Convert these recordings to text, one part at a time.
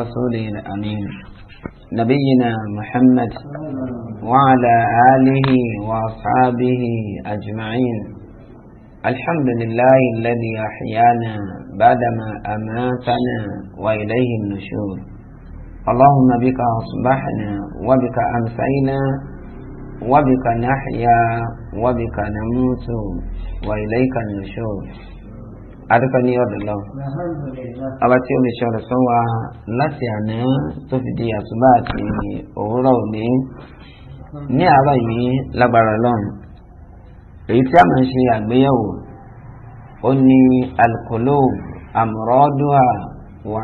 رسوله الأمين نبينا محمد وعلى آله وأصحابه أجمعين الحمد لله الذي أحيانا بعدما أماتنا وإليه النشور اللهم بك أصبحنا وبك أمسينا وبك نحيا وبك نموت وإليك النشور adúpẹ́ ní ọ̀dọ̀ lọ. ọba tí omi sọ̀rọ̀ sọ wa láti àná tó fi di àtúbà àti òwúrọ̀ òní ní àárọ̀ yìí lágbára lọ́run èyí tí a máa ń ṣe àgbéyẹ̀wò ó ní alqulub amraduha wa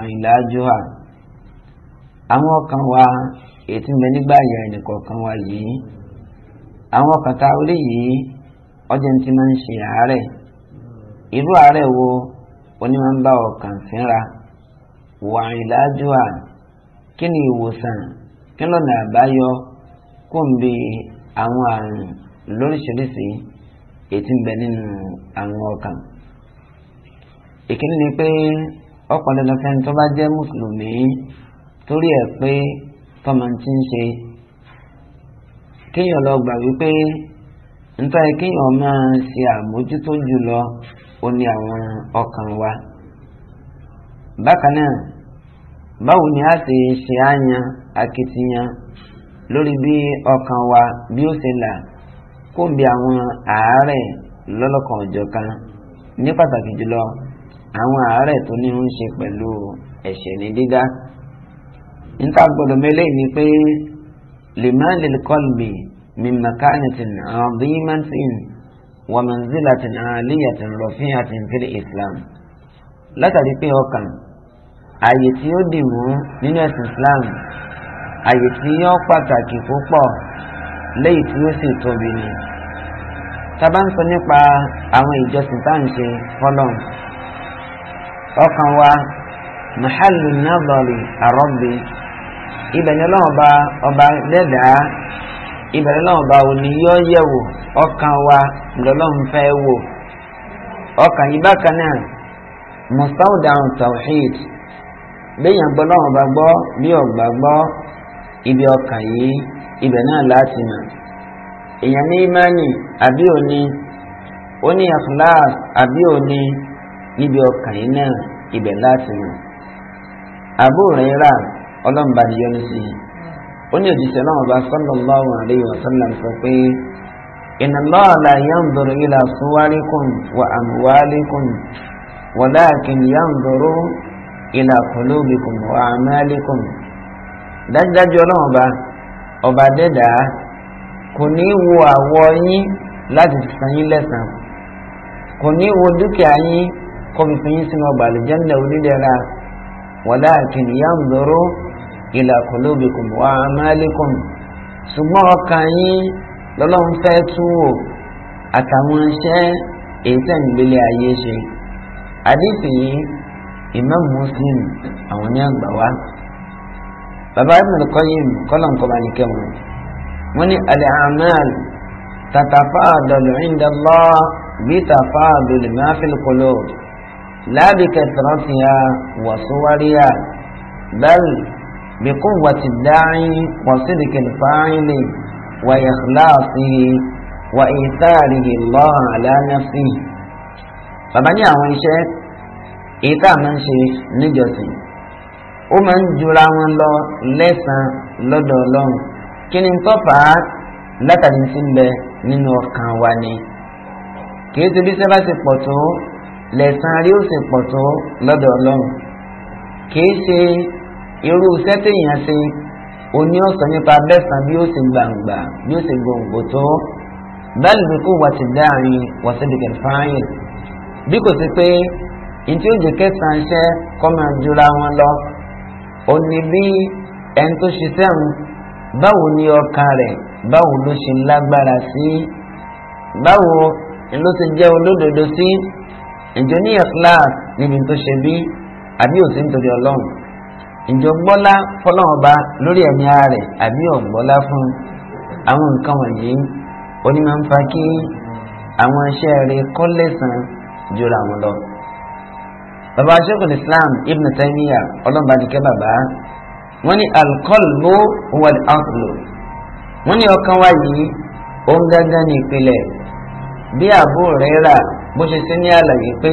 àwọn ọkàn wa èyí tí ń nígbà yà ẹnìkọ̀ọ̀kan wa yìí àwọn ọkàn tá a rí yìí ọjọ́ ní ti máa ń ṣe àárẹ̀ irú àárẹ̀ wo onímọ̀ ń bá ọkàn fínra wà ìlàjú à kí ni ìwòsàn kí lọ́nà àbáyọ kó ń bi àwọn àrùn lóríṣiríṣi ètí ń bẹ nínú àrùn ọkàn. ìkíní ni pé ọ̀pọ̀lọpọ̀ tó bá jẹ́ mùsùlùmí torí ẹ̀ pé tọ́mọ ti ń ṣe kéèyàn lọ gbà wípé nítorí kéèyàn máa ṣe àmójútó jùlọ ó ní àwọn ọkàn wa. bákan náà báwo ni a ṣe ṣe àyàn akitiyan lórí bí ọkàn wa bí ó ṣe là kó bí àwọn àárẹ̀ lọ́lọ́kan ọ̀jọ̀kan ní pàtàkì jùlọ àwọn àárẹ̀ tó ní ń ṣe pẹ̀lú ẹ̀ṣẹ̀ ní dídá. níta gbọ́dọ̀ mẹ́lẹ̀ ni pé lèmọ́lẹ̀ kọ́lbì mímọ́kánìtì àdìmọ́tìn. ومنزلة عالية رفيعة في الإسلام látàrí pé ọkàn àyè tí ó dì mú nínú ẹ̀sìn Islam àyè tí yọ pàtàkì púpọ̀ léyìí tí ó sì tóbi ni tá bá ń sọ nípa àwọn ìjọsìn tá à ń ṣe fọlọ́n ọkàn wa mahalu nadhari arọ́bì ibẹ̀ ni ọlọ́run ọba ọba dẹ́dàá ibẹ̀ ni ọlọ́run ọba òní yọ yẹ̀wò ọkàn wa lọ́lọ́run fẹ́ wò ọkàn yìí bákan náà mustaudarun tawhid béèyàn gbọ́ lọ́wọ́n bá gbọ́ bí ọ̀gbà gbọ́ ibi ọkàn yìí ibẹ̀ náà láti mọ̀ èèyàn ní imáni àbí òní ó ní ikhlas àbí òní níbi ọkàn yìí náà ibẹ̀ láti mọ̀ ọlọ́mùbá ni sí i ó ní bá sọ pé. إن الله لا ينظر إلى صوركم وأموالكم ولكن ينظر إلى قلوبكم وأعمالكم dájúdájú ọlọ́run ọba ọba dẹ́dà kò ní wo àwọ̀ yín láti fi san yín lẹ́sàn kò ní wo dúkìá yín kó fi fi yín sínú ọgbà àlùjánnà onídẹ̀ra walakin yanzuru ila qulubikum wa a'malikum ṣùgbọ́n ọkàn yín lọ́lọ́run fẹ́ tún wò àtàwọn iṣẹ́ èyí tẹ̀ ń gbélé ayé ṣe àdìsí yìí Imam Muslim àwọn ní àgbà wa bàbá Ibn Qayyim kọ́lọ̀ nǹkan bá nìkẹ́ wọn wọ́n ní al-a'mal tatafadalu inda Allah bi tafaduli ma fil qulub la bi kathratiha wa suwariha bal bi quwwati ad-da'i wa sidqi al-fa'ili. وإخلاصه وإيثاره الله على نفسه bàbá ní àwọn iṣẹ́ èyí tá a máa ń ṣe níjọsìn ó máa ń jura wọn lọ lẹ́sàn-án lọ́dọ̀ ọlọ́run kí ni tọ́fà á látàrí sí ń bẹ nínú ọkàn wa ni kìí ṣe bí iṣẹ́ bá ṣe pọ̀ tó lẹ́sàn-án rí ó ṣe pọ̀ tó lọ́dọ̀ ọlọ́run kìí ṣe irú iṣẹ́ téèyàn ṣe ó ní ọ̀sán nípa bẹ́sàn bí ó sì gbàǹgbà bí ó sì gbòǹgbò tó bẹ́ẹ̀ lè kó wà ti dáàrin wọ́sídìkẹ̀ fáyìn bí kò sí pé ìtí òjò kẹsàn-án ṣẹ́ kọ́ máa jura wọn lọ ó ní bí ẹni tó ṣiṣẹ́ ń báwo ni ọkàn rẹ̀ báwo ló ṣe lágbára sí báwo ló ti jẹ́ olódodo sí ìjọ ní ẹ̀kíláàsì níbi tó ṣe bí àbí òsì nítorí ọlọ́run ìjọgbọ́lá fọlọ́ọ̀ba lórí ẹ̀mí ara rẹ̀ àbí ọ̀gbọ́lá fún àwọn nǹkan wọ̀nyí oní máa ń fa kí àwọn iṣẹ́ rẹ̀ kọ́ lẹ́sàn jura wọn lọ. bàbá aṣọ́kùn Islam Ibn Taymiyyah ọlọ́mọba nìkẹ́ bàbá wọ́n ní alqalbu wal aqlu wọ́n ní ọkàn wa yìí òun gángan ní ìpìlẹ̀ bí àbú rẹ̀ rà bó ṣe sí ní àlàyé pé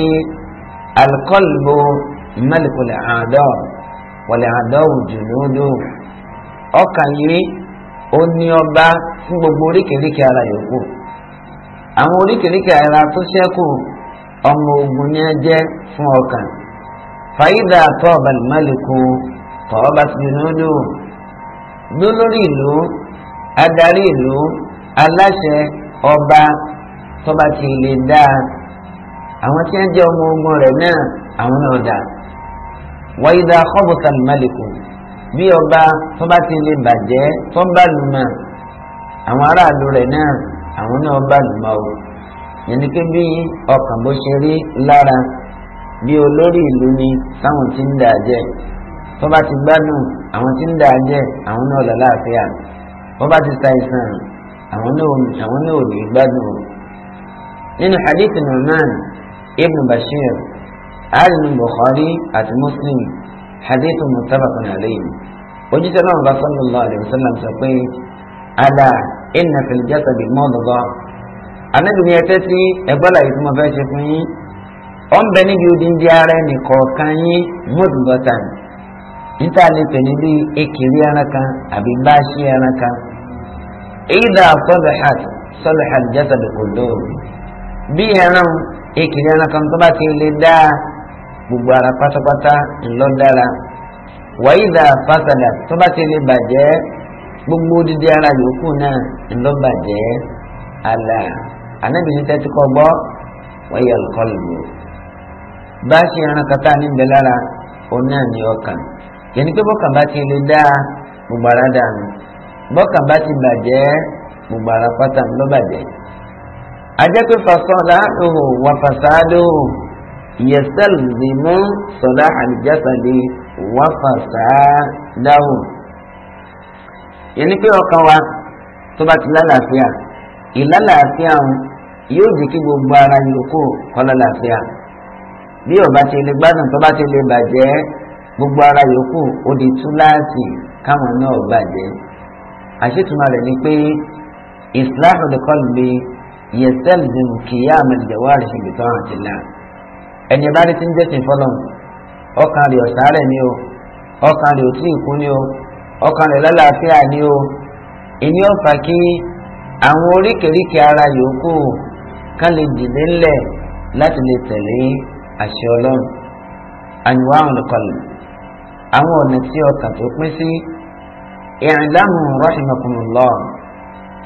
alqalbu malikul a'dha' wọlé àdáwò jùlọ́dọ̀ ọkàn yìí ó ní ọba fún gbogbo oríkèéríkèé ara yòókù àwọn oríkèéríkèé ara tó ṣẹ́kù ọmọ ogun ni ẹ jẹ́ fún ọkàn fàyídà tọ́ọ̀bà málìkù tọ́ọ̀bà jùlọ́dọ̀ lólórí ìlú adarí ìlú aláṣẹ ọba tọ́ba ti lè dáa àwọn tí wọ́n jẹ́ ọmọ ogun rẹ̀ náà àwọn náà dáa wàyídà kọ́bùtà mẹ́lìkù bí ọba tó bá ti lè bàjẹ́ tó bá lùmọ̀ àwọn aráàlú rẹ̀ náà àwọn náà bá lùmọ̀ o yẹnni pé bí ọkàn bó ṣe rí lára bí olórí ìlú ni táwọn ti ń dà jẹ tó ti gbádùn àwọn ti ń dà jẹ àwọn náà lọ láàfíà wọ́n ti ṣàìsàn àwọn náà ò gbádùn o nínú hadith Nu'man ibn Bashir àárín Bukhari àti Muslim hadithu muttafaqun alayhi ojúṣe náà bá sallallahu alayhi wa sallam sọ pé ala inna fil jasadi mudghah anábìíní ẹtẹ́ tí ẹgbọ́lá yìí tí mo fẹ́ ṣe fún yín ó ń bẹ níbi odindi ara ẹnì kọ̀ọ̀kan yín mudghatan níta lè pè ní bíi ekiri ara kan àbí báṣí ara kan ìdá salihat salaha al jasadu kulluhu bí ẹran ekiri ara kan tó bá ti lè dáa gbogbo ara pátápátá ńlọ́dára wàyídà fásádà tó bá ti lè bàjẹ́ gbogbo dídí ara yòókù náà ńlọ́bàjẹ́ àlà anábìyí tẹ́tí kọ́ gbọ́ wáyà kọlùbù bá ṣe ẹran kata níbẹ̀ lára òun náà ní ọkàn yẹn ni pé bọ́kàn bá ti lè dá gbogbo ara dànù bọ́kàn bá ti bàjẹ́ gbogbo ara pátá ńlọ́bàjẹ́ ajẹ́ pé fasọ́lá lóhùn wà fàṣà yẹsẹ̀lìmú sọ̀dá àlìjásàlì wáfàṣà dáhùn. yẹnni pé ọkàn wa tó bá ti lálàáfíà ìlálàáfíà yóò jẹ́ kí gbogbo ara yòókù kó lálàáfíà bí ọba ti lè gbádùn tó bá ti lè bàjẹ́ gbogbo ara yòókù ó di túláàsì káwọn náà bàjẹ́ àṣetúmọ̀ rẹ̀ ni pé islahu lè kọ́ lè yẹsẹ̀lìmú kìyà àmàlìjẹ̀wá rẹ̀ ṣe gbẹ̀tọ́ àtìlá ẹni bá rí ti ń jẹ́sìn fọlọ́n ọkàn rẹ̀ ọ̀sàárẹ̀ ni o ọkàn rẹ̀ òtí ìkú ni o ọkàn rẹ̀ lálàáfíà ni o ìní ọ̀fà kí àwọn oríkèéríkèé ara yòókù ká lè dìde ńlẹ̀ láti lè tẹ̀lé àṣẹ ọlọ́run àyùwá àwọn olùkọlù àwọn ọ̀nà tí ọkàn tó pín sí ìrìnlámù rahimakumullah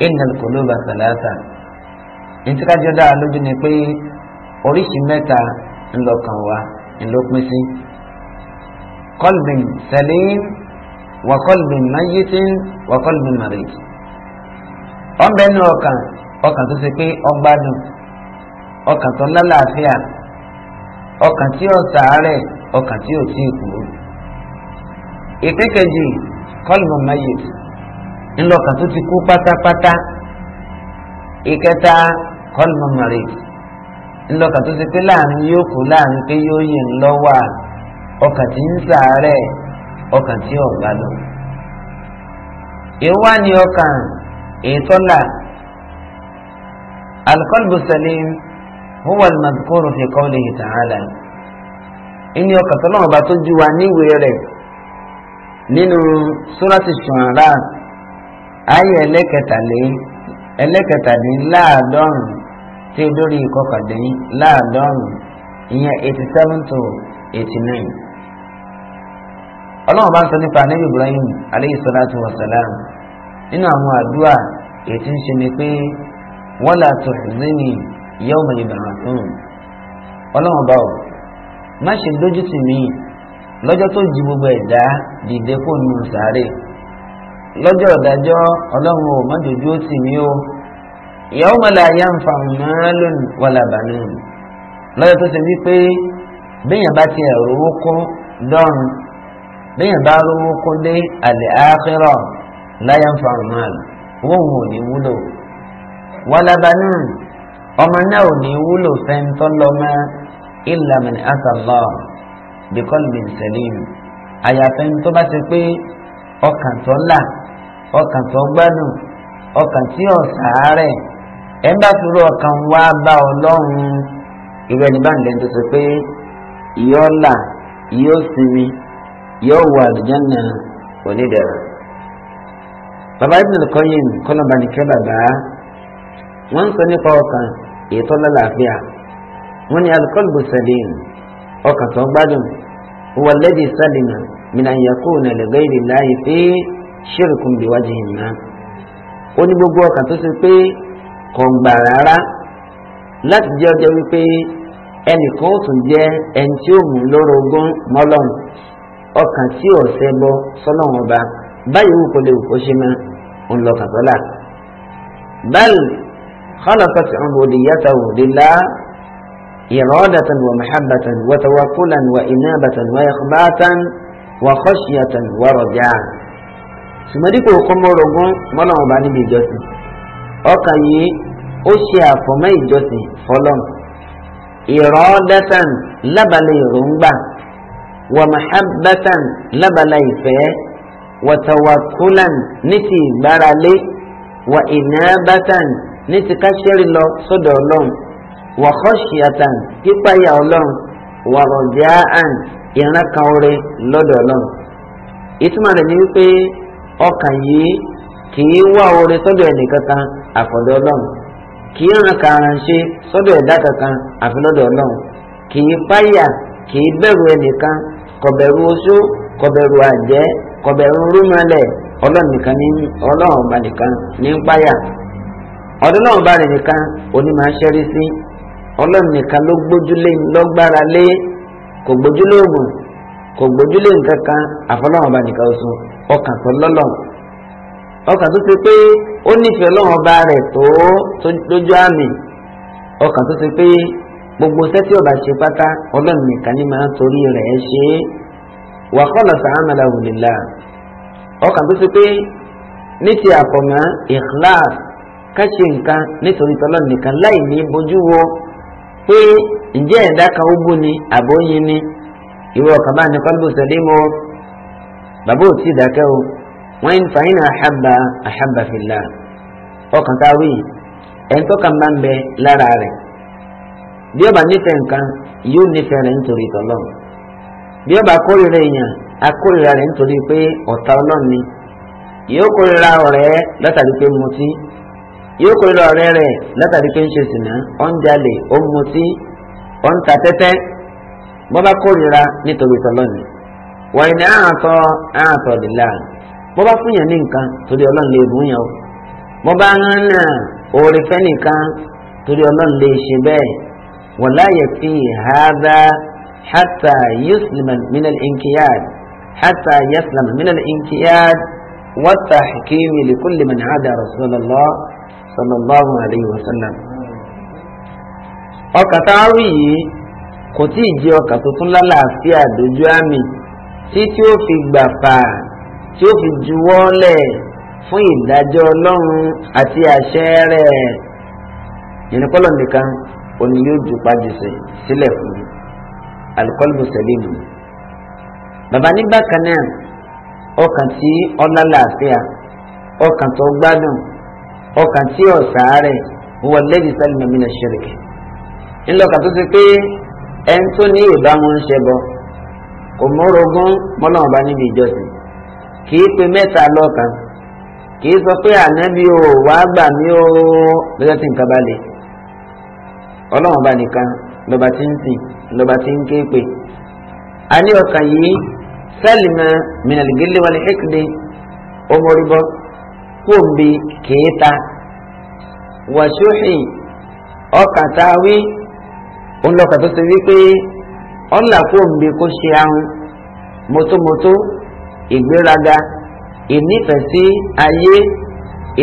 innal quluba thalatha ní tí kájọ́ dára lójú ni pé oríṣi mẹ́ta ńlọkàn wa ńlọpin sí. kọlbin salim wa kọlbin mayitin wa kọlbin marit. ọ̀nbẹ ní ọkàn ọkàn tó ṣe pé ọgbádùn ọkàn tó lálàáfíà ọkàn tí ó ṣàárẹ̀ ọkàn tí ó tí ì kú. ìpín kejì ńlọkàn tó ti kú pátápátá ìkẹta ńlọkàn tó ṣe pé láàrin yóò kú láàrin pé yóò yè ńlọ́wà ọkàn tí ń sàárẹ̀ ọkàn tí ọ̀gá lọ. ìwá ni ọkàn ètọ́là alqalbu salim huwa almadhkuru fi qawlihi ta'ala ìní ọkàn tó lọ́wọ́ bá tó ju wa níwèé tí ó dórí kọkàndínláàdọ́rùn ìyẹn eighty seven to eighty nine ọlọ́run bá ń sọ nípa anabi ibrahim aleyhi salatu nínú àwọn àdúrà ètí ń ṣe ni pé wala tukhzini yawma yub'athun ọlọ́run bá ọ má ṣe dójú tì mí lọ́jọ́ tó gbogbo ẹ̀dá dìde kó lọ́jọ́ ọ̀dájọ́ ọlọ́run ò má dojú yawma la yanfa'u malun wala banun lọ́yọ̀ tó ti wí pé bẹ́yàn bá ti ẹ̀rọ owó kó dọ́run bẹ́yàn bá rówó kó dé al-akhirah la yanfa'u malun owó òun ò ní wúlò wala banun ọmọ náà ò ní wúlò fẹ́ntọ́ lọ́mọ illa man ata Allah bi qalbin bá ti pé ọkàn tó là ọkàn tó gbádùn ọkàn tí ò ṣàárẹ̀ ẹ bá fúru ọkàn wá bá ọlọ́run irú ẹni bá ń lẹ́nu tó sọ pé yóò là yóò sinmi yóò wọ àlùjánnà onídẹ̀rẹ̀. bàbá Ibn Qayyim kọ́nàbà nìkẹ́ bàbá wọ́n ń sọ nípa ọkàn ètò lálàáfíà wọ́n ní al-qalbu salim ọkàn tó gbádùn huwa alladhi salima min an yakuna li ghayri Allahi fi shirkun bi wajhin ma. ó ní gbogbo ọkàn tó ṣe pé kò gbà rárá láti jẹ́ ọjọ́ wípé ẹnìkan ó tún jẹ́ ẹni tí ó mú lórogún mọ́lọ́hún ọkàn tí ò ṣẹbọ sọ́lọ́hún ọba báyìí wù kó lè wù kó ṣe mọ́ òun lọ kàtọ́là. bẹ́ẹ̀ni khalaqat ubudiyyatahu lillah إرادة ومحبة وتوكلا وإنابة وإخباتا وخشية ورجاء. sùmọ́dí kò kọ́ mọ́ rogún mọ́lọ́mọba níbi ìjọsìn ọkàn yìí ó ṣe àfọ̀mọ́ ìjọsìn fọlọ́n ìrọ́dátàn lábàlẹ̀ ìròǹgbà wàmàhábátàn lábàlẹ̀ ìfẹ́ wàtàwàkúlàn ní ti ìgbáralé wà ìnábátàn ní ti káṣẹ́rì lọ sọ́dọ̀ ọlọ́run wà kọ́ṣíàtàn pípáyà ọlọ́run wà rọ̀jáàn lọ́dọ̀ ọlọ́run. ìtumọ̀ rẹ̀ ni wípé ọkàn yìí kì í wá oore sọ́dọ̀ ẹnìkankan àfọ̀dọ̀ ọlọ́run kì í ràn kàràn ṣe sọ́dọ̀ ẹ̀dá kankan àfi lọ́dọ̀ ọlọ́run kì í páyà kì í bẹ̀rù ẹnìkan kò bẹ̀rù oṣó kò bẹ̀rù àjẹ́ kò bẹ̀rù rúmọlẹ̀ ọlọ́run nìkan ní ọlọ́run ọba nìkan ní ń páyà ọdún náà bá rẹ̀ nìkan òní máa ṣẹ́rí sí ọlọ́run nìkan ló gbójúlé lọ́gbára lé kò gbójúlé oògùn kò gbójúlé nǹkan kan àfọlọ́run ọba nìkan oṣù ọkàn tó lọ́lọ́run ọkàn tó ṣe pé ó nífẹ̀ẹ́ ọlọ́run ọba rẹ̀ tó lójú àmì ọkàn tó ṣe pé gbogbo sẹ́tì ọba ṣe pátá ọlọ́run nìkan ní máa torí rẹ̀ ṣe é wà kọ́lọ̀ sàánàlá òlìlá ọkàn tó ṣe pé ní ti àfọ̀mọ́ ìhlás káṣe nǹkan nítorí tọ́lọ́ nìkan láì ní bójú wo pé ǹjẹ́ ẹ̀dá kan ó bú ni àbóyin ni ìwọ ọkàn bá ní kọ́lbù sẹ́lẹ̀ mọ́ bàbá ò tí ì dákẹ́ o wọ́n ń fa iná àhábà àhábà fìlà ọkàn táwí ẹni tó kàn bá ń bẹ lára rẹ̀ bí ọba nífẹ̀ẹ́ nǹkan yóò nífẹ̀ẹ́ rẹ̀ nítorí tọ́lọ́ bí ọba kórìíra èèyàn akórìíra rẹ̀ nítorí pé ọ̀tá ọlọ́run ni yóò kórìíra ọ̀rẹ́ látàrí pé mutí yóò kórìíra ọ̀rẹ́ rẹ̀ látàrí pé ń ṣe sìnà ó ń jalè ó mutí ó ta tẹ́tẹ́ bọ́ba kórìíra nítorí tọ́lọ́ ni wọ́n ní dìlà bó bá fún yàn ní nǹkan torí ọlọ́run lè bùn yàn o bó bá hàn náà oore fẹ́ nìkan torí ọlọ́run lè ṣe bẹ́ẹ̀ wala yakfi hadha hatta yuslima min al-inqiyad hatta yuslima min al-inqiyad wa at-tahkim li kulli sallallahu alayhi wa sallam. ọkà tá a rí yìí kò tí ì jẹ́ ọkà tuntun lálàáfíà dojú àmì tí tí ó fi gbà fàá tí ó fi juwọ́ lẹ̀ fún ìdájọ́ ọlọ́run àti àṣẹ rẹ̀ yẹnìkọ́lọ̀ nìkan òní yóò ju pàjùsẹ̀ sílẹ̀ fún mi alikọ́lù sẹ́lẹ̀mù bàbá ní bákan náà ọkàn tí ọlá làáfíà ọkàn tó gbádùn ọkàn tí ọ̀sàárẹ̀ wọ lẹ́yìn sálímù mina ṣẹ́rìkì ńlọkàn tó ti pé ẹni tó ní ìbámu ń ṣẹbọ kò mọ́rọ̀gún mọ́lọ́mọba níbi ìjọsìn kìí pe mẹ́ta lọ́kàn kìí sọ pé ànábì o wàá gbà mí o lọ́jọ́ tí nǹkan bá le ọlọ́run bá nìkan lọ́ba tí ń sìn lọ́ba tí ń ké pe a ní ọkàn yìí sálìmọ̀ mìnàlìgílẹ̀ wàlẹ̀ ẹ̀kìlẹ̀ ọmọrìbọ kóńbi kèéta wàṣúhì ọkàn tá a wí òun lọkàn tó ti wí pé ọ̀là kóńbi kó ṣe ahun mọ́tómọ́tó. ìgbéraga ìnífẹ̀sí ayé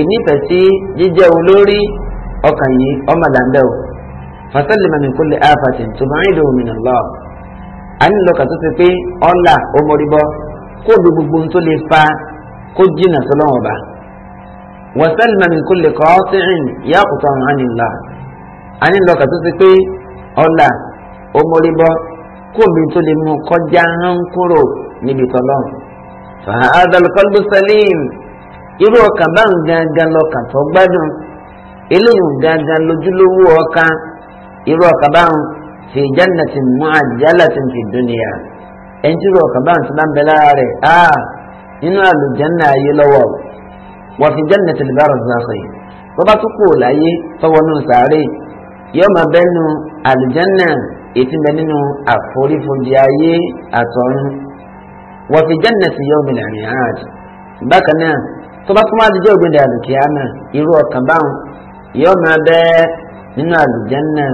ìnífẹ̀sí jíjẹ́ olórí ọkàn yìí ọmọdàndẹ́ o fasalima min kulli afatin tub'iduhu min Allah ànilọ́kà tó ti pé ọ̀là ọmọdébọ́ kó gbogbo tó lè fa kó jìnnà ọba wasalima min kulli qati'in yaqta anillah ànilọ́kà tó ti pé ọ̀là ọmọdébọ́ kó lu tó lè mú kọjá hàn kúrò fàhádà lọ́kọ́lù salim irú ọkàn bá ń gangan lọ́kàn tó gbádùn eléyìí ń gangan lójúlówó ọkàn irú ọkàn bá ń fi jannati mu'ajjalatin fi dunya ẹni tí irú ọkàn bá ń ti bá ń bẹ lára rẹ̀ á ah, nínú àlùjánnà ayé lọ́wọ́ wọ́n fi jannati barzakhi bọ́bá tó kù láyé tọwọ́ nù sáré yóò máa bẹ́nu àlùjánnà ètí bẹ nínú àforífojì ayé àtọ̀run wọ́n fi jannati yawmil 'ad bákan náà tó bá tún wá di jẹ́ ògbéde àlùkìyámà irú ọkàn báwọn yóò máa bẹ́ nínú àlùjánnà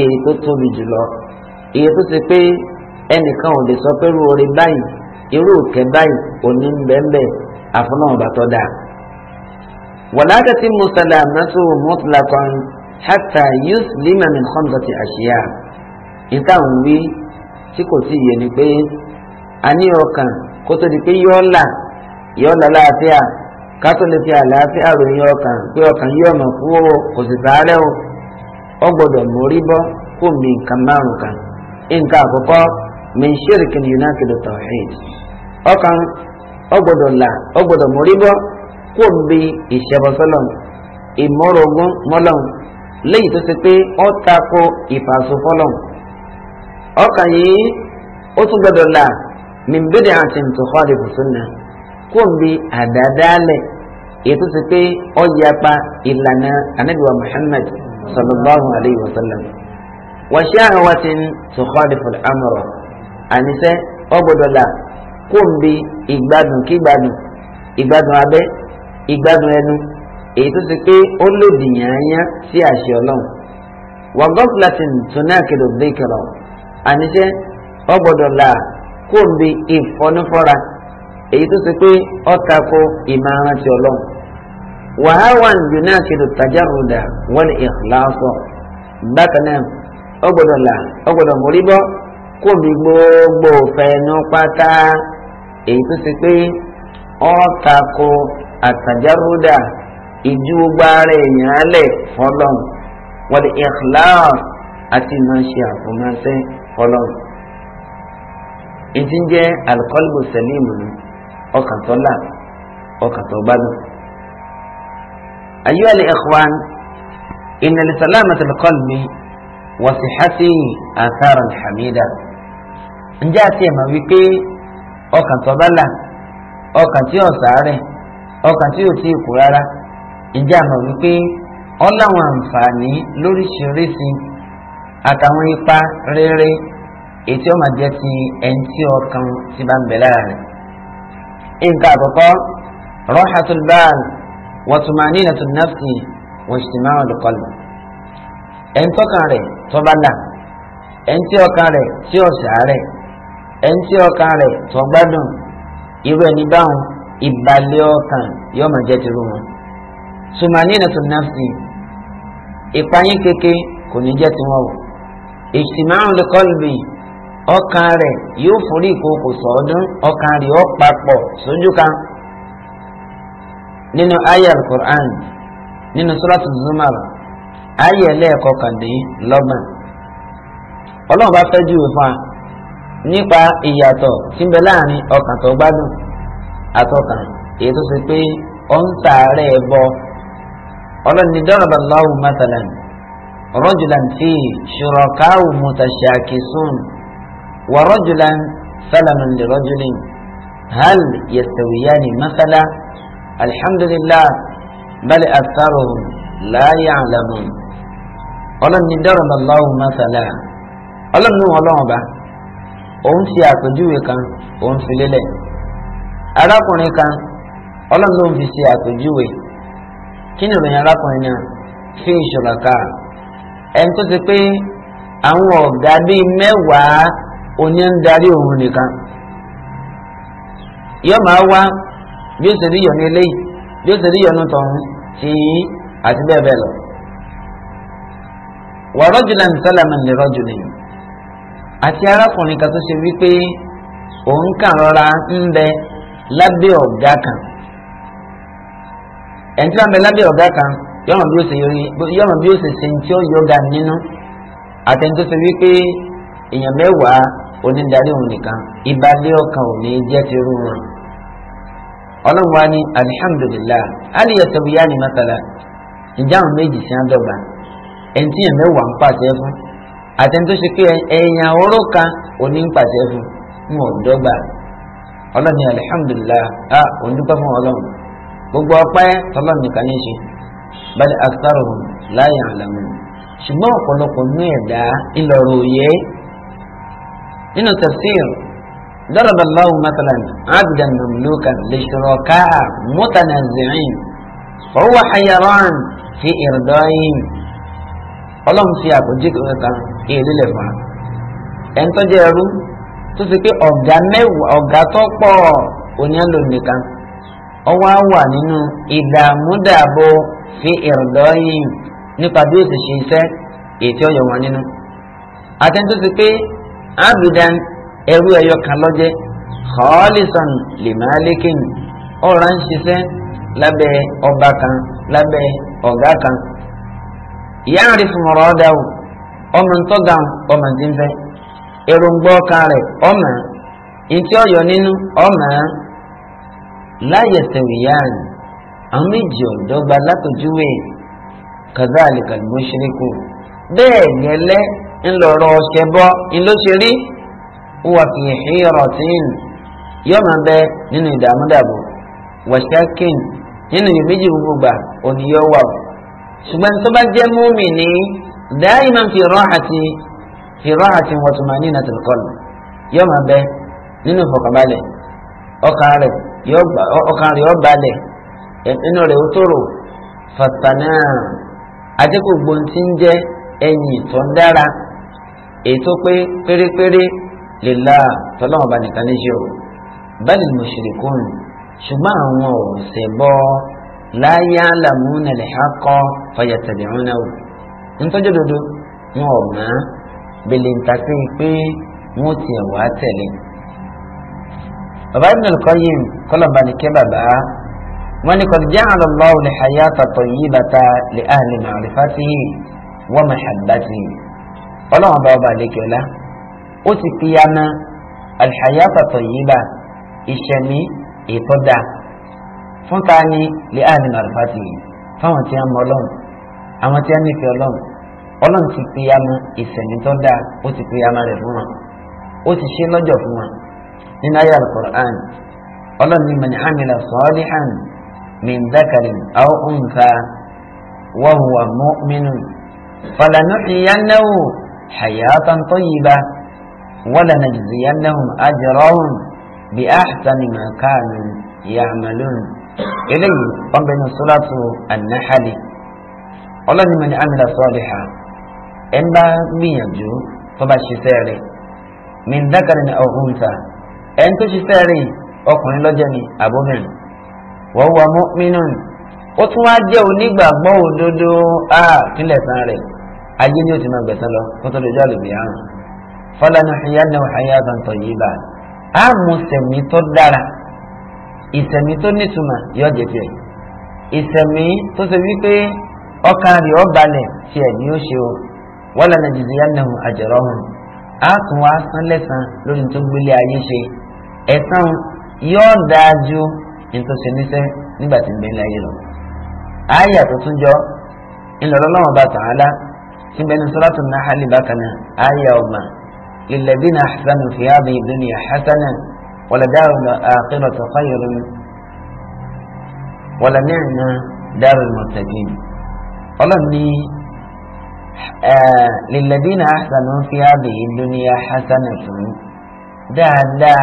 èyí tó tóbi jùlọ èyí tó ṣe pé ẹnìkan ò lè sọ pé irú orin báyìí irú òkè báyìí òní ń bẹ́ẹ̀ bẹ́ẹ̀ àfọlọ́wọn bá tọ́ da. wàlá tẹ́tí mùsàlá kan hàtà yus lima min khamsati ìtàn wí tí kò tí yẹ ni pé àní ọkàn kó tó di pé yọ́ọ̀là yọ́ọ̀là láàfíà kátó lè fi àlàáfíà ròyìn ọkàn pé ọkàn yóò mọ̀ kú ó kò sì sàárẹ̀ o ọ gbọ́dọ̀ mórí bọ́ kó mi nǹkan márùn kan nǹkan àkọ́kọ́ mi ń ṣèrìkì ní united tawhid ọkàn ọ gbọ́dọ̀ là ọ gbọ́dọ̀ mórí bọ́ kó mi ìṣẹ́bọsọ́lọ́n ìmọ̀rọ̀gún mọ́lọ́n léyìí tó ṣe pé ó tako ìfàsófọ́lọ́n ọkàn yìí ó tún gbọ́dọ̀ là min bid'ati tukhalifu sunnah kó n bí àdádálẹ̀ ètò ti pé ọ̀yàpá ìlànà anabiwa muhammad sallallahu alayhi wa sallam wa sha'watin tukhalifu al-amra ànisẹ́ ọgbọ́dọ̀là kó n bí ìgbádùn kígbádùn ìgbádùn abẹ́ ìgbádùn ẹnu èyí tó ti pé ó lòdì yànyà sí àṣẹ ọlọ́run wà gọ́fìlàtìn tó náà kéde òbí kẹrọ àníṣe ọgbọ́dọ̀ là kó o bí ìfọ́nifọ́ra èyí tó ṣe pé ọ̀tà kó ìmọ̀ràn ti ọlọ́run wàháwàn yunáṣẹ́dù tajarruda wal ikhlasa bákan náà ọgbọ́dọ̀ là ọgbọ́dọ̀ mórí bọ́ kó o bí gbogbo fẹ̀nu pátá èyí tó ṣe pé ọ̀tà kó àtajarruda ìjú gbogbo ara èèyàn alẹ̀ fọlọ́n wal ikhlas àti máa ṣe àfọmọ́sẹ́ fọlọ́n ìdí ń jẹ́ alikọ́lùbù sẹ́lẹ̀mù ni ọkàn tó là ọkàn tó gbádùn. ayé àlẹ́ ikhwan ìnàlẹ́ sàlámà tẹlifọ́lùmí wàsí hasi àtàrà hàmídà. ǹjẹ́ àti ẹ̀mọ̀ wípé ọkàn tó bá là ọkàn tí ò sàárẹ̀ ọkàn tí ò tí ì kú rárá ǹjẹ́ àmọ̀ wípé ọláwọn àǹfààní lóríṣiríṣi àtàwọn ipa rere ètí ọmọ jẹ ti ẹntì ọkàn ti bá ń bẹ lára rẹ̀ nǹkan àkọ́kọ́ rọ́hàtul báàl wọ́túmání nàtún náfsì wọ́ṣìmá ọ̀dùkọ́lù ẹntì ọkàn rẹ̀ tó bá là ẹntì ọkàn rẹ̀ tí ó sàárẹ̀ ẹntì ọkàn rẹ̀ tó gbádùn irú ẹni báwọn ìbàlẹ̀ ọkàn yóò máa jẹ́ tirú wọn túmání nàtún náfsì ìpayín kéke kò ní jẹ́ tiwọn o ìṣìmá ọ̀dùkọ́lù bíi. ọkàn rẹ yóò forí ìkókò sọ́ọ́dún ọkàn rẹ ó papọ̀ sójú kan nínú ayé alukur'an nínú sọ́látù zumar ayé lọ́gbọ̀n ọlọ́run bá fẹ́ júwe fún wa nípa ìyàtọ̀ tí ń bẹ láàrin ọkàn tó gbádùn àtọkàn èyí tó ṣe pé ń sàárẹ̀ ورجلا سلم لرجل هل يستويان مثلا الحمد لله بل أكثرهم لا يعلمون ọlọ́run ní dọ́rọ̀ lọ́wọ́ mọ́sálà ọlọ́run ní ọlọ́run ọba òun ti àpèjúwe kan òun fi lélẹ̀ arákùnrin kan ọlọ́run ló ń fi ṣe àpèjúwe kí ni ìròyìn arákùnrin náà fi ìṣòro ká ẹni tó ti pé àwọn ọ̀gá bíi mẹ́wàá òní ń darí òun nìkan yóò máa wá bí ó ṣe rí yọ̀nù eléyìí bí ó ṣe rí yọ̀nù tọ̀hún tí àti bẹ́ẹ̀ bẹ́ẹ̀ lọ. wà rajulan salaman li rajulin àti arákùnrin kan tó ṣe wípé òun kàn rọra ń bẹ lábẹ́ ọ̀gá kan ẹni tí bẹ lábẹ́ ọ̀gá kan yọ̀nà bí ó ṣe yọ̀nà bí ó ṣe ṣe ń tí ó yọ̀gà nínú àtẹ̀ńtó ṣe wípé èèyàn mẹ́wàá onídàárí òun nìkan ìbàlẹ̀ ọkàn ò ní jẹ́ ti rú wọn. ọlọ́run wa ní alihamdulilayi aliyu sọ̀bìyá ni masala ìjà àwọn méjì sí àdọ́gba ẹni tí yẹn mẹ́wàá ń pàṣẹ fún àtẹni tó ṣe pé ẹ̀yàn ọ̀rọ̀ kan ò ní ń pàṣẹ fún ń wọ̀ dọ́gba ọlọ́run ní alihamdulilayi a fún ọlọ́run gbogbo ọpẹ́ tọ́lọ́run nìkan ní ṣe bal aktharuhum la ya'lamun ṣùgbọ́n ọ̀pọ̀lọpọ̀ ní ẹ̀dá ìlọ̀rọ̀ òye nínú tafsir ضرب الله مثلا عبدا مملوكا لشركاء متنازعين فهو حيران في إرضائهم ọlọ́run fi àpòjìkì ọ̀ta èlé lẹ́fà ẹni tó jẹ́ ẹrú tó fi pé ọ̀gá mẹ́wàá ọ̀gá tó pọ̀ oníyànlò nìkan ọwọ́ á wà nínú ìdààmúdàbò fi ìrọ̀dọ́yìn nípa bí ó ti ṣe iṣẹ́ ètí ọ̀yọ̀ wọn nínú àtẹ́ńtó ti pé abidan ẹrú ẹyọ kan lọ́jẹ́ khalisan limalikin ọ̀rọ̀ ń ṣiṣẹ́ lábẹ́ ọba kan lábẹ́ ọ̀gá kan yáàrí fún ọ̀rọ̀ ọ̀dà o ọmọ ntọ́gà ọmọ ti ń fẹ́ èròǹgbọ́ ọkàn rẹ̀ ọmọ ntí ọ̀yọ́ nínú ọmọ láyé sẹ̀wìyàn àwọn méjì ọ̀dọ́gba látòjúwe kazalika al bẹ́ẹ̀ ni ńlọrọ ṣẹbọ ńlọṣẹrí wà fi hìrọ̀tìn yóò máa bẹ nínú ìdààmúdàbò wọ̀ṣákìn nínú ìméjì gbogbogbà òní yóò wà o ṣùgbọ́n tó bá jẹ́ múmi ní dáìmá fi rọ́hàtì fi rọ́hàtì wọ̀tùmání náà tìlkọ́lù yóò máa bẹ nínú ìfọ̀kànbalẹ̀ ọkàn rẹ̀ yóò balẹ̀ inú rẹ̀ ó tòrò fàtànà àti gbogbo ń jẹ́ ẹ̀yìn tó ń dára èyí tó pé pérépéré lillah tọ́lọ́wọ́n bá nìkan ní ṣe o balil mushrikun ṣùgbọ́n àwọn ọ̀sẹ̀ bọ́ la ya'lamuna al-haqqa fayattabi'unahu ntọ́jú dodo wọn ò mọ̀ bẹ̀lẹ̀ ntàsí pé wọn ti ẹ̀wà tẹ̀lé. bàbá Ibn al-Qayyim kọ́lọ̀bà ní kẹ́ bàbá wọn ni qad ja'ala Allahu al-hayata tayyibata li ahli ma'rifatihi wa mahabbatihi ọlọ́run ọba ọba àlekèọ́lá ó ti pìyànà alhayata tayyiba ìṣẹ̀mí ìtọ́jà fún ta ni lè àmì nàlùfàtì fáwọn tí a mọ ọlọ́run àwọn tí a nífẹ̀ẹ́ ọlọ́run ọlọ́run ti pìyànà ìṣẹ̀mí tọ́jà ó ti pìyànà rẹ̀ fún wọn ó ti ṣe lọ́jọ́ fún wọn nínú ayé alukur'an ọlọ́run ní mani hamila salihan min dhakarin aw untha wa huwa mu'minun falanuhyiyannahu hayatan tayyiba wala najziyannahum ajrahum bi ahsani ma kanu ya'malun eléyìí wọn bẹ ní sọlátù anahali ọlọ́ni mọ̀ ní amílà sọ́ọ̀lìhà ẹ̀ ń bá gbìyànjú tó bá ṣiṣẹ́ rẹ̀ min dhakarin aw untha ẹ̀ ń tó ṣiṣẹ́ rẹ̀ ọkùnrin lọ́jọ́ ni àbómìnrin wa huwa mu'minun ó tún wá jẹ́ onígbàgbọ́ òdodo a kílẹ̀ san rẹ̀ ayé ni ó ti máa gbẹ̀sán lọ kó tó lójú àlùbí àrùn fọlánà ìyáná ọ̀háyà àtàntọ̀ yìí bá a mú sẹ̀mí tó dára ìsẹ̀mí tó nítumọ̀ yọ jẹ tiẹ̀ ìsẹ̀mí tó ṣe wípé ọkàn rẹ̀ ọ̀balẹ̀ tiẹ̀ ni ó ṣe o wọlánà jìzìyáná àjọrọ̀ hàn a tún wá sán lẹ́sàn lórí tó gbélé ayé ṣe ẹ̀sán yóò dáa ju níṣẹ́ nígbà tí ń bẹ ayé lọ. ayé àtúntúnjọ ńlọrọlọ́wọ́n bá tàn án lá سيدنا صلاة النحل باتنا آية وما للذين أحسنوا في هذه الدنيا حسنا ولدار الآخرة خير ولنعم دار المتقين ولن آه، للذين أحسنوا في هذه الدنيا حسنة ده لا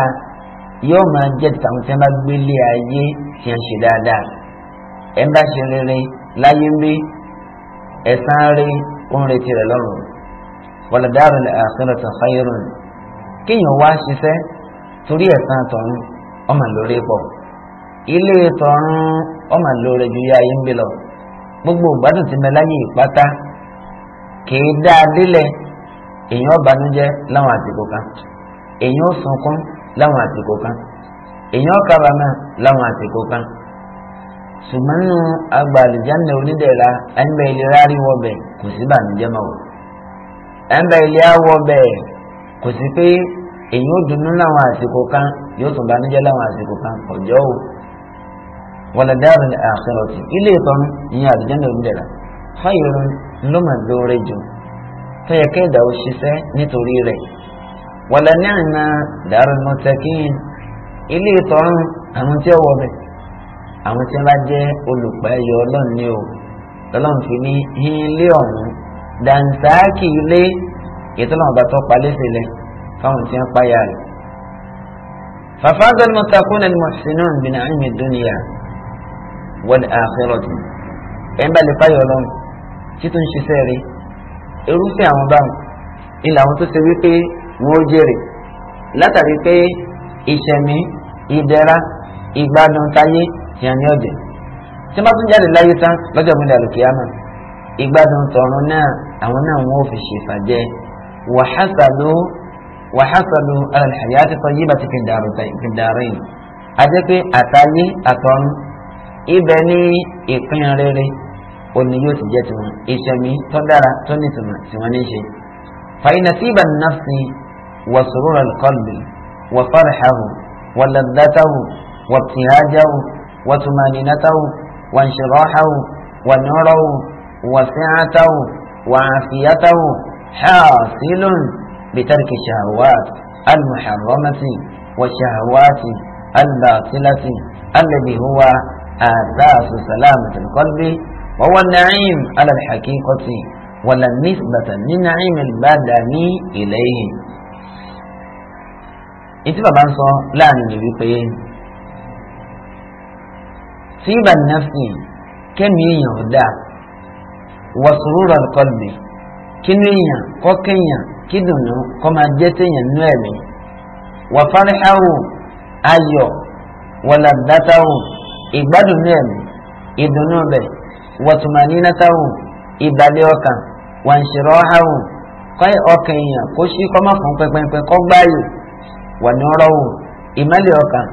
يوم جد تمتمك بلي أجي تنشد هذا إن لا يمري إسان ó ń retí rẹ̀ lọ́rùn wàlàdàrú àkhíratu khayrun kéèyàn wá ṣiṣẹ́ torí ẹ̀san ma ọmọ lórí pọ̀ ilé tọ̀run ọmọ lórí ju yá ayé ń bí lọ gbogbo ìgbádùn ti mẹ́láyé ìpátá kìí dá a délẹ̀ èèyàn banújẹ́ láwọn sumanu nínú agba àlùjáde onídẹ̀ra ẹnbẹ̀ ilé rárí wọbẹ̀ kò sí bàmíjẹ́ mọ́ o ẹnbẹ̀ ilé awọbẹ̀ kò sí pé èyí ó dunnú láwọn àsìkò kan yóò tún bàmíjẹ́ láwọn àsìkò kan ọjọ́ o wàlàdáàrú ni àṣẹrọ̀tì ilé ìtọ́nu ìyẹn àlùjáde onídẹ̀ra fáyọrọ lọ́mọ jù fẹ́yẹ kẹ́ẹ̀dá ò ṣiṣẹ́ nítorí rẹ̀ wàlàníàna dàrú mọ́tẹ́kìn ilé ìtọ́nu àwọn tí ó wọ bẹ́ẹ̀ àwọn tí wọn bá jẹ́ olùpẹ̀yọ ọlọ́run ni o lọ́lọ́run fi ní hin ilé ọ̀hún dànsáàkì ilé ìtọ́lọ́run bá tọ́ palẹ́ fáwọn tí wọn páyà rẹ̀. ففاز المتقون المحسنون من علم الدنيا والآخرة ẹn bá lè fáyọ Ọlọ́run tí tó ń ṣiṣẹ́ rẹ̀ irúfẹ́ àwọn báwọn ilẹ àwọn tó ṣe wípé wọn jèrè látàrí pé ìṣẹ̀mí ìdẹ̀ra ìgbádùn táyé ìyá ni ọ̀jẹ̀ tí wọ́n tún jáde láyé tán lọ́jọ́ gbọ́dọ̀ àlùkìyàmà ìgbádùn tọ̀run náà àwọn náà wọ́n fi ṣèfàjẹ́ wàhásàlù alàlàyé ti sọ yí bá ti fi dàrú yìí ajẹ́ pé àtàyé àtọ̀run ibẹ̀ ní ìpín rere òní yóò ti jẹ́ tiwọn ìṣẹ̀mí tó dára tó nítumọ̀ tí wọ́n ní ṣe. fàyínà tí ibà nàfsi wà sòrò rẹ̀ kọ́lù wà fàrìhàwò wà وطمانينته وانشراحه ونوره وسعته وعافيته حاصل بترك الشهوات المحرمة والشهوات الباطلة الذي هو أساس سلامة القلب وهو النعيم على الحقيقة ولا نسبة لنعيم البدن إليه. ìtí bàbá ń sọ síbà nàfì kẹ́mi èèyàn ọ̀dà wàsúrúrà kọlbì kínú èèyàn kọ́kẹ́yàn kídùnú kọ́ máa jẹ́ téèyàn nú ẹ̀mí wàfáríháwò ayọ̀ wàlàdátáwò ìgbádùnú ẹ̀mí ìdùnnú bẹ̀ wàtùmánínátàwò ìbàlẹ̀ ọkàn wàǹṣìrọ̀háwò kọ́ ọkàn èèyàn kó ṣí kọ́ má fún pẹpẹpẹ kọ́ gbáyò wànúrọ̀wò ìmọ̀lẹ̀ ọkàn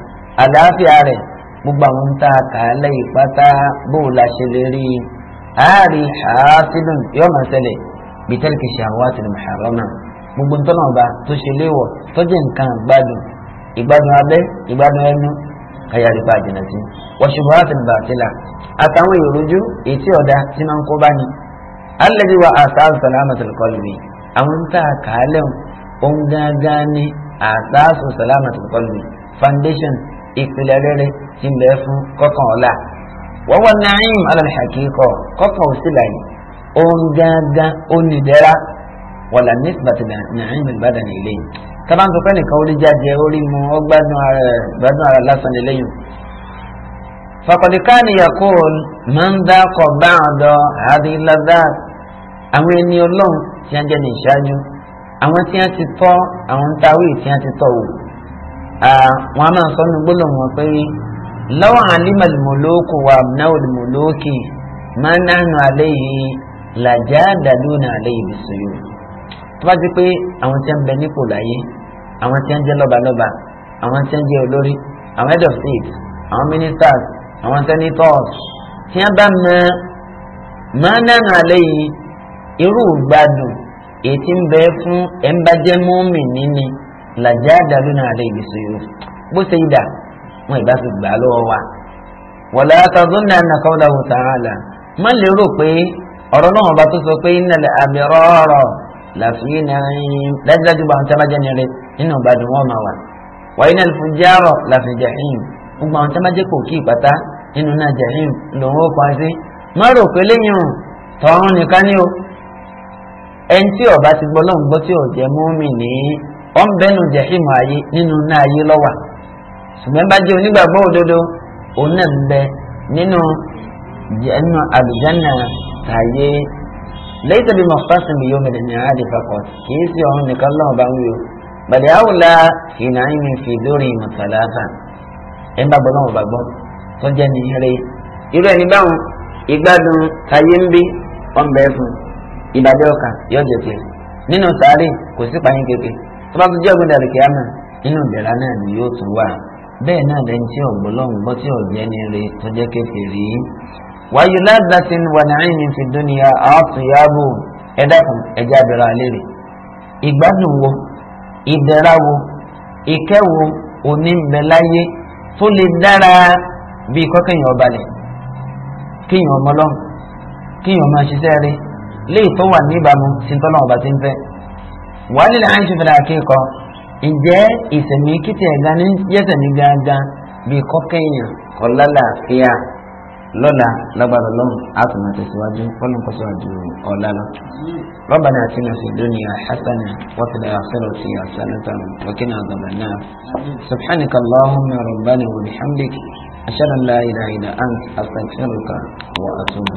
àlàáfíà rẹ̀ gbogbo àwọn tá a kà á lẹ́yìn pátá bó o la ṣe lè rí i àárí àásìlù yóò máa ṣẹlẹ̀ bìtẹ́lìkì ṣàwátì ní mùsàlámà gbogbo ntọ́nà ọba tó ṣe léwọ̀ tọ́jú nǹkan gbádùn ìgbádùn abẹ́ ìgbádùn ẹnu kàyàrí pa àjìnà sí wọ́ṣùbọ́ àtìlùbà àtìlà àtàwọn ìrújú ètí ọ̀dà tí máa ń kó bá ní. alẹ́bí wa àṣàṣù sàlámàtìlù ìpìlẹ̀ rere ti ń bẹ fún kọ́kàn ọ̀la wọ́n wọ́n naim alàlhàkíkọ̀ kọ́kàn òsìlà yìí òun gángan ó ní dẹ́ra wọ́n là ní ìsìbàtì naim ìbàdàn ilé yìí tábà ń sọpẹ́ nìkan orí jáde orí mu ó gbádùn ara lásán lélẹ́yìn fakọ̀dìkan yakul máa ń dákọ̀ bá ọ̀dọ̀ àdìládà àwọn ẹni ọlọ́run tí wọ́n jẹ́ ní ìṣáájú àwọn tí wọ́n ti tọ́ àwọn táwí tí wọ́n ti tọ́ wò wọn a máa sọ ní gbólóhùn wọn pé lọ́wọ́ alimal muluku wa abnawul muluki máa ń nánú alayhi làjá dàlúnà alayhi bìsúyò tó bá ti pé àwọn tí ń bẹ nípò láyé àwọn tí ń jẹ́ lọ́balọ́ba àwọn tí ń jẹ́ olórí àwọn head of state àwọn ministers àwọn senators tí wọ́n bá mọ máa nánú alayhi irú gbádùn èyí tí ń bẹ fún ẹ̀ ń bá jẹ́ mọ́mì níní làjáàdá lónà àlẹ́ ibi sòyò bó ṣe dà wọn ìbá fi gbà lọ́wọ́ wa. wọ̀lá tọ́dún náà nà kọ́ lọ́wọ́ tààlà má lérò pé ọ̀rọ̀ náà ọba tó sọ pé ìnàlẹ̀ àmì rọ́ọ̀rọ̀ làfihàn dájúdájú bá wọn tí a bá jẹ́ ní rẹ nínú ìbàdàn wọn máa wà. wàyí náà fún járọ̀ làfihàn jẹ̀hìn gbogbo àwọn tí jẹ́ kò kí ìpàtà nínú náà jẹ̀hìn lòun ó pa má rò pé lẹ́yìn tọ́run nìkan ni o ẹni tí ọba ti gbọ́ lọ́n gbọ́ tí ò jẹ́ mọ́mì ní wọn bẹnu jahimu ayé nínú náà ayé lọ́wà ṣùgbọ́n bá jẹ́ onígbàgbọ́ òdodo òun náà ń bẹ nínú jẹ́nu àlùjáná tààyè lẹ́yìn bí mọ̀fásìn mi yóò mẹ́lẹ̀ ní àádé fakọ̀t kìí sí ọ̀hún nìkan lọ́wọ́ bá ń wí o bàdé àwòlá ìnà ìmì fi lórí mọ̀tàláta ẹ̀ ń bá gbọ́ lọ́wọ́ bá gbọ́ tó jẹ́ ní eré irú ẹni báwọn ìgbádùn tààyè ń bí wọn bẹ́ẹ̀ fún ìbàdí ọkà yọjọ tiẹ̀ nínú sáré kò sí pààyàn kékeré tó bá tún jẹ́ ògbóni àlùkìyàmà inú ìdẹ̀ra náà ni yóò tún wà bẹ́ẹ̀ náà lẹ́yìn tí ọ̀gbọ́lọ́hún gbọ́ tí ọ̀jẹ́ ni re tó jẹ́ kèfèrí. wáyé ládàtín wà náírà ní fi dúnìyà àtúnyàbò ẹ̀dàkùn ẹ̀jẹ̀ abẹ́rẹ́ alẹ́ rẹ̀. ìgbádùn wo ìdẹ̀ra wo ìkẹ́wo onímbẹ̀láyé tó lè dára bíi kọ́ kéèyàn balẹ̀ kéèyàn ọmọlọ́hún kéèyàn máa ṣiṣẹ́ rẹ̀ léè tó wà níbàámu sí wàhálì là ń ṣe fìlà kíkọ ǹjẹ́ ìsẹ̀mí kìtì ẹ̀gá ní yẹ́sẹ̀mí gángan bíi kọ́kẹ́yìn kọ́lálàáfíà lọ́la lọ́gbàdàn lọ́hùn àtúnmọ̀ tẹ̀síwájú fọlọ́n kọ́ síwájú ọ̀la lọ. ربنا اتنا في الدنيا حسنة وفي الآخرة حسنة وقنا عذاب النار سبحانك اللهم ربنا وبحمدك أشهد أن لا إله إلا أنت أستغفرك وأتوب